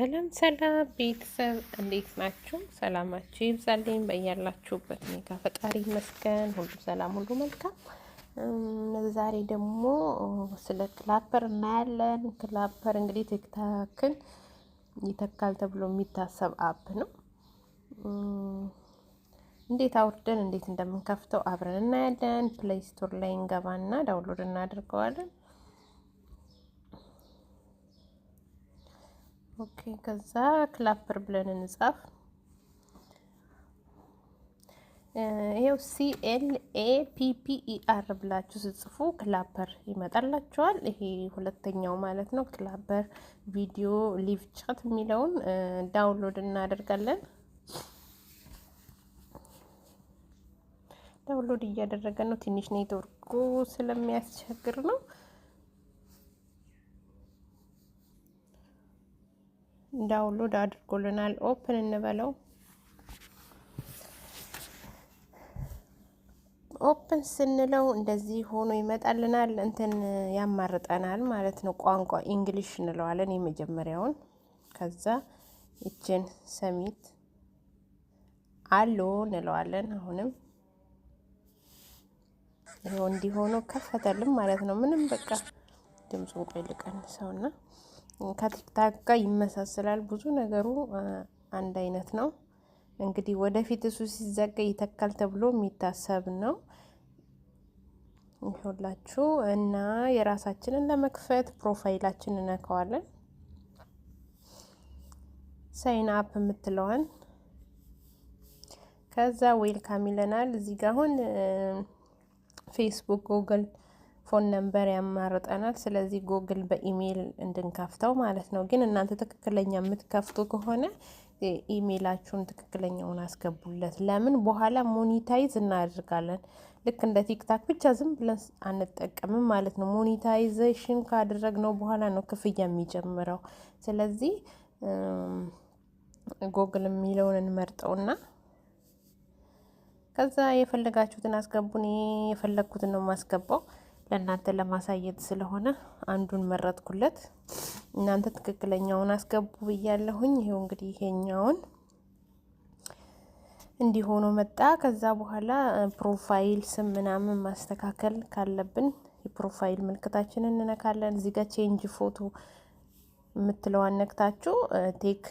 ሰላም ሰላም ቤተሰብ እንዴት ናችሁ? ሰላማችሁ ይብዛልኝ በያላችሁበት። እኔ ጋ ፈጣሪ ይመስገን ሁሉ ሰላም፣ ሁሉ መልካም። ዛሬ ደግሞ ስለ ክላፐር እናያለን። ክላፐር እንግዲህ ቲክታክን ይተካል ተብሎ የሚታሰብ አፕ ነው። እንዴት አውርደን እንዴት እንደምንከፍተው አብረን እናያለን። ፕሌይ ስቶር ላይ እንገባና ዳውንሎድ እናደርገዋለን። ኦኬ። ከዛ ክላፐር ብለን እንጻፍ። ይሄው ኤል ኤ ፒፒኢአር ብላችሁ ስጽፉ ክላፐር ይመጣላችኋል። ይሄ ሁለተኛው ማለት ነው። ክላፐር ቪዲዮ ሊቭ ቻት የሚለውን ዳውንሎድ እናደርጋለን። ዳውንሎድ እያደረገ ነው። ትንሽ ኔትወርኩ ስለሚያስቸግር ነው። ዳውንሎድ አድርጎልናል። ኦፕን እንበለው። ኦፕን ስንለው እንደዚህ ሆኖ ይመጣልናል። እንትን ያማርጠናል ማለት ነው። ቋንቋ ኢንግሊሽ እንለዋለን የመጀመሪያውን። ከዛ ይችን ሰሚት አሎ እንለዋለን። አሁንም ይኸው እንዲሆኑ ከፈተልም ማለት ነው። ምንም በቃ ድምፁን ቆይ ልቀንሰውና ከቲክታክ ጋር ይመሳሰላል። ብዙ ነገሩ አንድ አይነት ነው። እንግዲህ ወደፊት እሱ ሲዘጋ ይተካል ተብሎ የሚታሰብ ነው። ይሁላችሁ እና የራሳችንን ለመክፈት ፕሮፋይላችን እናከዋለን። ሳይን አፕ የምትለዋን ከዛ ዌልካም ይለናል። እዚህ ጋር አሁን ፌስቡክ፣ ጉግል ፎን ነምበር ያማርጠናል። ስለዚህ ጎግል በኢሜይል እንድንከፍተው ማለት ነው። ግን እናንተ ትክክለኛ የምትከፍቱ ከሆነ ኢሜይላችሁን ትክክለኛውን አስገቡለት። ለምን በኋላ ሞኒታይዝ እናደርጋለን። ልክ እንደ ቲክታክ ብቻ ዝም ብለን አንጠቀምም ማለት ነው። ሞኒታይዜሽን ካደረግነው በኋላ ነው ክፍያ የሚጀምረው። ስለዚህ ጎግል የሚለውን እንመርጠውና ከዛ የፈለጋችሁትን አስገቡን። የፈለግኩትን ነው የማስገባው። ለእናንተ ለማሳየት ስለሆነ አንዱን መረጥኩለት። እናንተ ትክክለኛውን አስገቡ ብያለሁኝ። ይሄው እንግዲህ ይሄኛውን እንዲሆኖ መጣ። ከዛ በኋላ ፕሮፋይል ስም ምናምን ማስተካከል ካለብን የፕሮፋይል ምልክታችንን እንነካለን። እዚህ ጋር ቼንጅ ፎቶ የምትለዋን ነክታችሁ ቴክ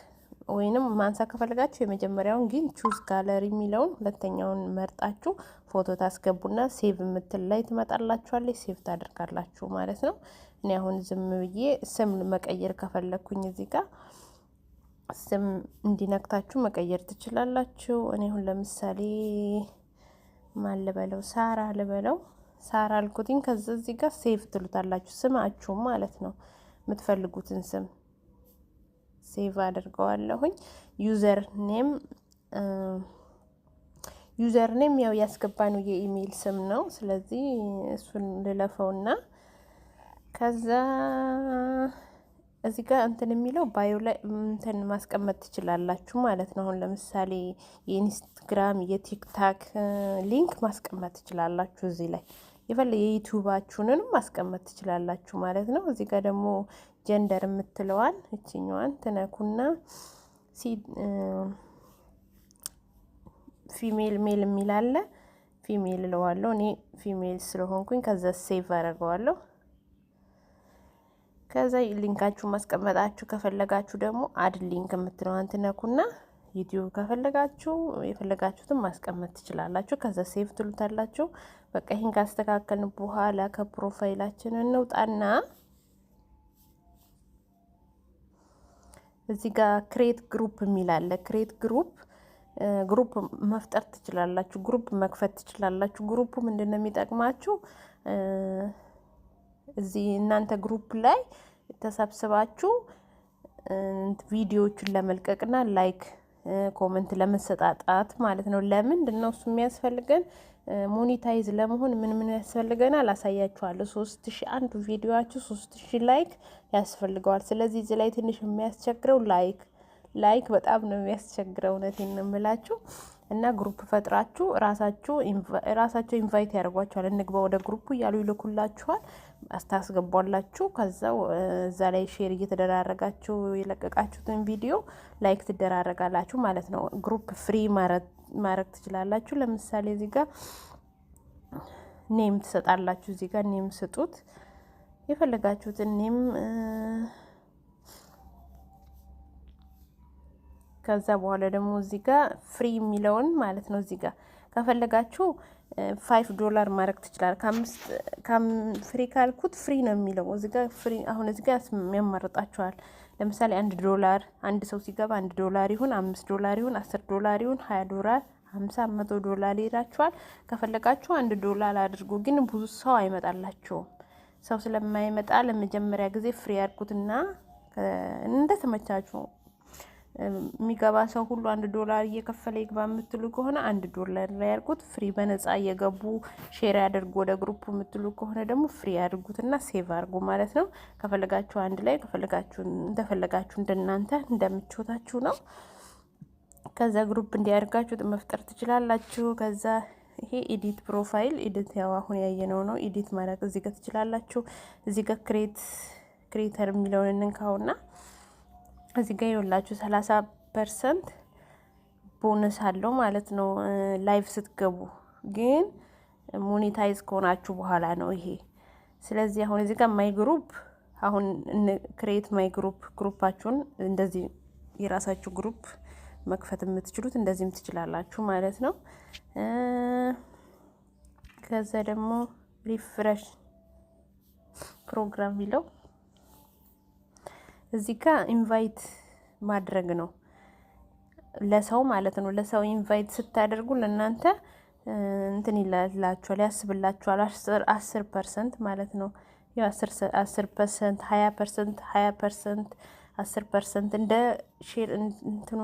ወይንም ማንሳት ከፈለጋችሁ የመጀመሪያውን ግን ቹዝ ጋለሪ የሚለውን ሁለተኛውን መርጣችሁ ፎቶ ታስገቡና ሴቭ የምትል ላይ ትመጣላችኋለች። ሴቭ ታደርጋላችሁ ማለት ነው። እኔ አሁን ዝም ብዬ ስም መቀየር ከፈለግኩኝ እዚህ ጋር ስም እንዲነክታችሁ መቀየር ትችላላችሁ። እኔ አሁን ለምሳሌ ማን ልበለው፣ ሳራ ልበለው። ሳራ አልኩትኝ። ከዚ እዚህ ጋር ሴቭ ትሉታላችሁ ስማችሁም ማለት ነው የምትፈልጉትን ስም ሴቭ አድርገዋለሁኝ ዩዘር ኔም ዩዘርኔም ያው ያስገባ ነው የኢሜይል ስም ነው። ስለዚህ እሱን ልለፈውና ከዛ እዚህ ጋር እንትን የሚለው ባዮ ላይ እንትን ማስቀመጥ ትችላላችሁ ማለት ነው። አሁን ለምሳሌ የኢንስትግራም የቲክታክ ሊንክ ማስቀመጥ ትችላላችሁ። እዚህ ላይ የፈለ የዩቲዩባችሁንንም ማስቀመጥ ትችላላችሁ ማለት ነው። እዚህ ጋር ደግሞ ጀንደር የምትለዋል እችኛዋን ትነኩና ፊሜል ሜል የሚል አለ። ፊሜል እለዋለሁ እኔ ፊሜል ስለሆንኩኝ ከዛ ሴቭ አደርገዋለሁ። ከዛ ሊንካችሁ ማስቀመጣችሁ ከፈለጋችሁ ደግሞ አድ ሊንክ የምትለዋን ትነኩና ዩቲዩብ ከፈለጋችሁ የፈለጋችሁትን ማስቀመጥ ትችላላችሁ። ከዛ ሴቭ ትሉታላችሁ። በቃ ይህን ካስተካከልን በኋላ ከፕሮፋይላችን እንውጣና እዚህ ጋር ክሬት ግሩፕ የሚል አለ። ክሬት ግሩፕ ግሩፕ መፍጠር ትችላላችሁ። ግሩፕ መክፈት ትችላላችሁ። ግሩፕ ምንድን ነው የሚጠቅማችሁ? እዚህ እናንተ ግሩፕ ላይ ተሰብስባችሁ ቪዲዮዎቹን ለመልቀቅና ላይክ ኮመንት ለመሰጣጣት ማለት ነው። ለምንድን ነው እሱ የሚያስፈልገን? ሞኔታይዝ ለመሆን ምን ምን ያስፈልገናል? አሳያችኋለሁ። ሶስት ሺ አንዱ ቪዲዮችሁ ሶስት ሺ ላይክ ያስፈልገዋል። ስለዚህ እዚህ ላይ ትንሽ የሚያስቸግረው ላይክ ላይክ በጣም ነው የሚያስቸግረው። እውነቴን ነው የምላችሁ እና ግሩፕ ፈጥራችሁ ራሳቸው ኢንቫይት ያደርጓችኋል። እንግባ ወደ ግሩፑ እያሉ ይልኩላችኋል፣ አስታስገቧላችሁ። ከዛው እዛ ላይ ሼር እየተደራረጋችሁ የለቀቃችሁትን ቪዲዮ ላይክ ትደራረጋላችሁ ማለት ነው። ግሩፕ ፍሪ ማድረግ ትችላላችሁ። ለምሳሌ እዚህ ጋር ኔም ትሰጣላችሁ። እዚህ ጋር ኔም ስጡት የፈለጋችሁትን ኔም ከዛ በኋላ ደግሞ እዚህ ጋር ፍሪ የሚለውን ማለት ነው። እዚህ ጋር ከፈለጋችሁ ፋይቭ ዶላር ማድረግ ትችላል። ፍሪ ካልኩት ፍሪ ነው የሚለው እዚህ ጋር ፍሪ። አሁን እዚህ ጋር ያማርጣችኋል። ለምሳሌ አንድ ዶላር አንድ ሰው ሲገባ አንድ ዶላር ይሁን አምስት ዶላር ይሁን አስር ዶላር ይሁን ሀያ ዶላር ሀምሳ መቶ ዶላር ይላችኋል። ከፈለጋችሁ አንድ ዶላር አድርጉ። ግን ብዙ ሰው አይመጣላችሁም። ሰው ስለማይመጣ ለመጀመሪያ ጊዜ ፍሪ ያድርጉትና እንደ ተመቻችሁ የሚገባ ሰው ሁሉ አንድ ዶላር እየከፈለ ይግባ የምትሉ ከሆነ አንድ ዶላር ላይ ያልኩት ፍሪ በነጻ እየገቡ ሼር ያደርጉ ወደ ግሩፕ የምትሉ ከሆነ ደግሞ ፍሪ ያድርጉትና ሴቭ አድርጉ ማለት ነው። ከፈለጋችሁ አንድ ላይ ከፈለጋችሁ እንደፈለጋችሁ እንደናንተ እንደምቾታችሁ ነው። ከዛ ግሩፕ እንዲያደርጋችሁ መፍጠር ትችላላችሁ። ከዛ ይሄ ኢዲት ፕሮፋይል ኢዲት ያው አሁን ያየነው ነው። ኢዲት ማለት እዚህ ጋር ትችላላችሁ። እዚህ ጋር ክሬት ክሬተር የሚለውን እንንካውና እዚህ ጋር ይኸውላችሁ ሰላሳ ፐርሰንት ቦነስ አለው ማለት ነው። ላይቭ ስትገቡ ግን ሞኔታይዝ ከሆናችሁ በኋላ ነው ይሄ። ስለዚህ አሁን እዚህ ጋር ማይ ግሩፕ አሁን ክሬት ማይ ግሩፕ ግሩፓችሁን እንደዚህ የራሳችሁ ግሩፕ መክፈት የምትችሉት እንደዚህም ትችላላችሁ ማለት ነው። ከዛ ደግሞ ሪፍረሽ ፕሮግራም ይለው እዚህ ጋ ኢንቫይት ማድረግ ነው ለሰው ማለት ነው። ለሰው ኢንቫይት ስታደርጉ ለእናንተ እንትን ይላላችኋል፣ ያስብላችኋል። አስር ፐርሰንት ማለት ነው። አስር ፐርሰንት፣ ሀያ ፐርሰንት፣ ሀያ ፐርሰንት፣ አስር ፐርሰንት እንደ ሼር እንትኑ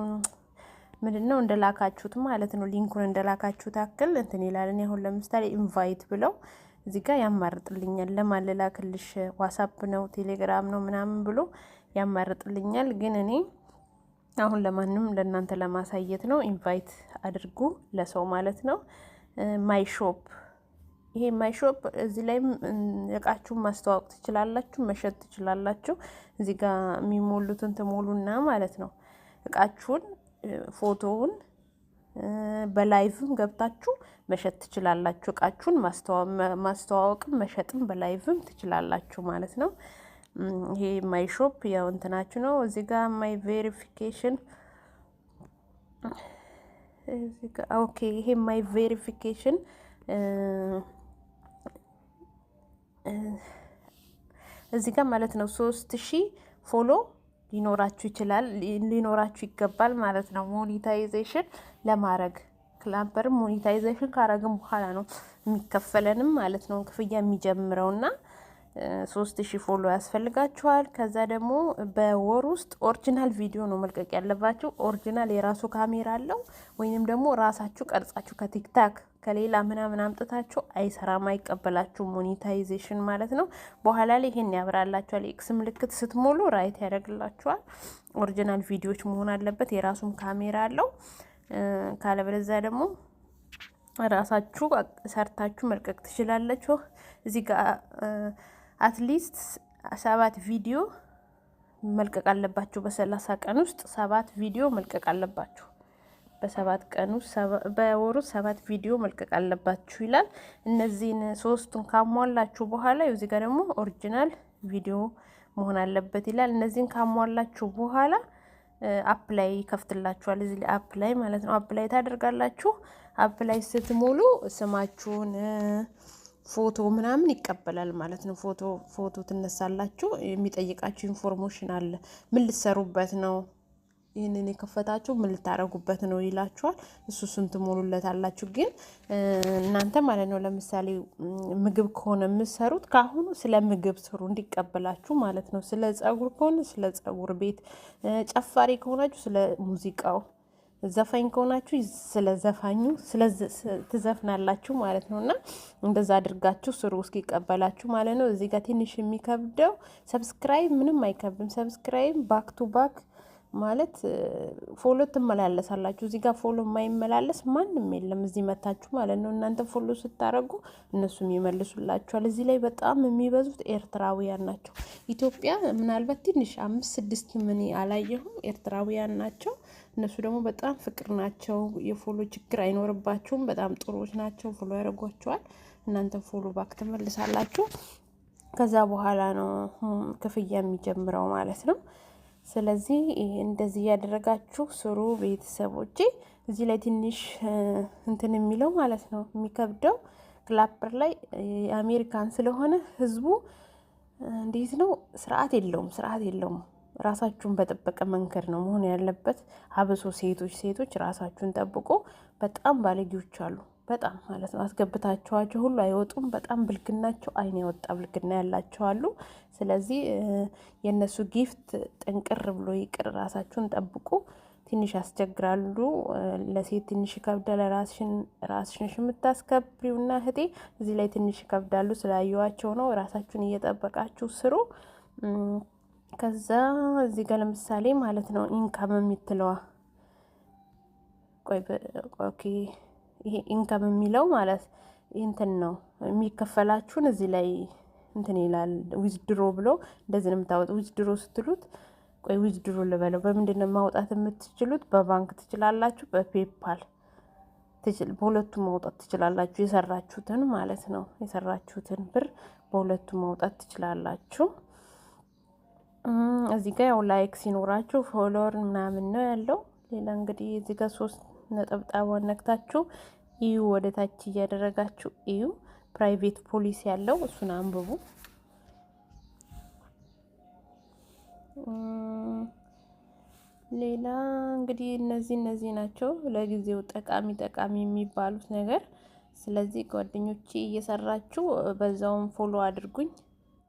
ምንድን ነው እንደ ላካችሁት ማለት ነው። ሊንኩን እንደ ላካችሁት አክል እንትን ይላል። እኔ አሁን ለምሳሌ ኢንቫይት ብለው እዚህ ጋር ያማርጥልኛል። ለማን ልላክልሽ? ዋሳፕ ነው ቴሌግራም ነው ምናምን ብሎ ያማርጥልኛል። ግን እኔ አሁን ለማንም ለእናንተ ለማሳየት ነው። ኢንቫይት አድርጉ ለሰው ማለት ነው። ማይ ሾፕ ይሄ ማይ ሾፕ እዚህ ላይም እቃችሁን ማስተዋወቅ ትችላላችሁ፣ መሸጥ ትችላላችሁ። እዚህ ጋር የሚሞሉትን ትሞሉና ማለት ነው እቃችሁን ፎቶውን በላይቭም ገብታችሁ መሸጥ ትችላላችሁ። እቃችሁን ማስተዋወቅም መሸጥም በላይቭም ትችላላችሁ ማለት ነው። ይሄ ማይ ሾፕ ያው እንትናችሁ ነው። እዚህ ጋር ማይ ቬሪፊኬሽን እዚህ ጋር ኦኬ። ይሄ ማይ ቬሪፊኬሽን እዚህ ጋር ማለት ነው ሶስት ሺህ ፎሎ ሊኖራችሁ ይችላል ሊኖራችሁ ይገባል ማለት ነው። ሞኔታይዜሽን ለማድረግ ክላምፐርም ሞኔታይዜሽን ካረግን በኋላ ነው የሚከፈለንም ማለት ነው ክፍያ የሚጀምረውና ሶስት ሺህ ፎሎ ያስፈልጋችኋል። ከዛ ደግሞ በወር ውስጥ ኦሪጂናል ቪዲዮ ነው መልቀቅ ያለባችሁ። ኦሪጂናል የራሱ ካሜራ አለው ወይንም ደግሞ ራሳችሁ ቀርጻችሁ ከቲክታክ ከሌላ ምናምን አምጥታችሁ አይሰራም፣ አይቀበላችሁ ሞኔታይዜሽን ማለት ነው። በኋላ ላይ ይሄን ያብራላችኋል። ኤክስ ምልክት ስትሞሉ ራይት ያደርግላችኋል። ኦሪጂናል ቪዲዮዎች መሆን አለበት። የራሱም ካሜራ አለው። ካለበለዚያ ደግሞ ራሳችሁ ሰርታችሁ መልቀቅ ትችላላችሁ እዚህ ጋር አትሊስት ሰባት ቪዲዮ መልቀቅ አለባችሁ። በሰላሳ ቀን ውስጥ ሰባት ቪዲዮ መልቀቅ አለባችሁ። በሰባት ቀን ውስጥ በወሩ ሰባት ቪዲዮ መልቀቅ አለባችሁ ይላል። እነዚህን ሶስቱን ካሟላችሁ በኋላ እዚህ ጋር ደግሞ ኦሪጂናል ቪዲዮ መሆን አለበት ይላል። እነዚህን ካሟላችሁ በኋላ አፕላይ ይከፍትላችኋል። እዚህ ላይ አፕላይ ማለት ነው። አፕላይ ታደርጋላችሁ። አፕላይ ስትሞሉ ስማችሁን ፎቶ ምናምን ይቀበላል ማለት ነው። ፎቶ ፎቶ ትነሳላችሁ። የሚጠይቃችሁ ኢንፎርሜሽን አለ። ምን ልትሰሩበት ነው? ይህንን የከፈታችሁ ምን ልታደረጉበት ነው ይላችኋል። እሱ እሱን አላችሁ። ግን እናንተ ማለት ነው ለምሳሌ ምግብ ከሆነ የምትሰሩት ከአሁኑ ስለ ምግብ ስሩ እንዲቀበላችሁ ማለት ነው። ስለ ጸጉር ከሆነ ስለ ጸጉር ቤት፣ ጨፋሪ ከሆናችሁ ስለ ሙዚቃው ዘፋኝ ከሆናችሁ ስለ ዘፋኙ ትዘፍናላችሁ ማለት ነው እና እንደዛ አድርጋችሁ ስሩ እስኪቀበላችሁ ማለት ነው። እዚህ ጋር ትንሽ የሚከብደው ሰብስክራይብ ምንም አይከብድም። ሰብስክራይብ ባክ ቱ ባክ ማለት ፎሎ ትመላለሳላችሁ። እዚህ ጋር ፎሎ የማይመላለስ ማንም የለም እዚህ መታችሁ ማለት ነው። እናንተ ፎሎ ስታደረጉ እነሱም ይመልሱላችኋል። እዚህ ላይ በጣም የሚበዙት ኤርትራውያን ናቸው። ኢትዮጵያ ምናልባት ትንሽ አምስት ስድስት ምን አላየሁም፣ ኤርትራውያን ናቸው። እነሱ ደግሞ በጣም ፍቅር ናቸው። የፎሎ ችግር አይኖርባቸውም። በጣም ጥሩዎች ናቸው። ፎሎ ያደርጓቸዋል። እናንተ ፎሎ ባክ ትመልሳላችሁ። ከዛ በኋላ ነው ክፍያ የሚጀምረው ማለት ነው። ስለዚህ እንደዚህ እያደረጋችሁ ስሩ ቤተሰቦቼ። እዚህ ላይ ትንሽ እንትን የሚለው ማለት ነው የሚከብደው ክላፐር ላይ የአሜሪካን ስለሆነ ህዝቡ እንዴት ነው ስርዓት የለውም፣ ስርዓት የለውም። ራሳችሁን በጠበቀ መንገድ ነው መሆን ያለበት። አብሶ ሴቶች ሴቶች ራሳችሁን ጠብቆ በጣም ባለጌዎች አሉ። በጣም ማለት ነው አስገብታችኋቸው ሁሉ አይወጡም። በጣም ብልግናቸው አይን የወጣ ብልግና ያላቸው አሉ። ስለዚህ የእነሱ ጊፍት ጥንቅር ብሎ ይቅር። ራሳችሁን ጠብቁ። ትንሽ ያስቸግራሉ። ለሴት ትንሽ ይከብዳል። ራስሽን የምታስከብሪውና እህቴ እዚህ ላይ ትንሽ ይከብዳሉ። ስላየዋቸው ነው። ራሳችሁን እየጠበቃችሁ ስሩ። ከዛ እዚህ ጋር ለምሳሌ ማለት ነው ኢንካም የምትለዋ ይሄ ኢንካም የሚለው ማለት እንትን ነው የሚከፈላችሁን እዚህ ላይ እንትን ይላል። ዊዝድሮ ብሎ እንደዚህ ነው የምታወጥ። ዊዝድሮ ስትሉት ቆይ ዊዝድሮ ልበለው። በምንድን ነው ማውጣት የምትችሉት? በባንክ ትችላላችሁ፣ በፔፓል በሁለቱም ማውጣት ትችላላችሁ። የሰራችሁትን ማለት ነው የሰራችሁትን ብር በሁለቱም ማውጣት ትችላላችሁ። እዚህ ጋር ያው ላይክ ሲኖራችሁ ፎሎወር ምናምን ነው ያለው። ሌላ እንግዲህ እዚህ ጋር ሶስት ነጠብጣቧን ነክታችሁ እዩ፣ ወደ ታች እያደረጋችሁ እዩ። ፕራይቬት ፖሊሲ ያለው እሱን አንብቡ። ሌላ እንግዲህ እነዚህ እነዚህ ናቸው ለጊዜው ጠቃሚ ጠቃሚ የሚባሉት ነገር። ስለዚህ ጓደኞቼ እየሰራችሁ በዛውም ፎሎ አድርጉኝ።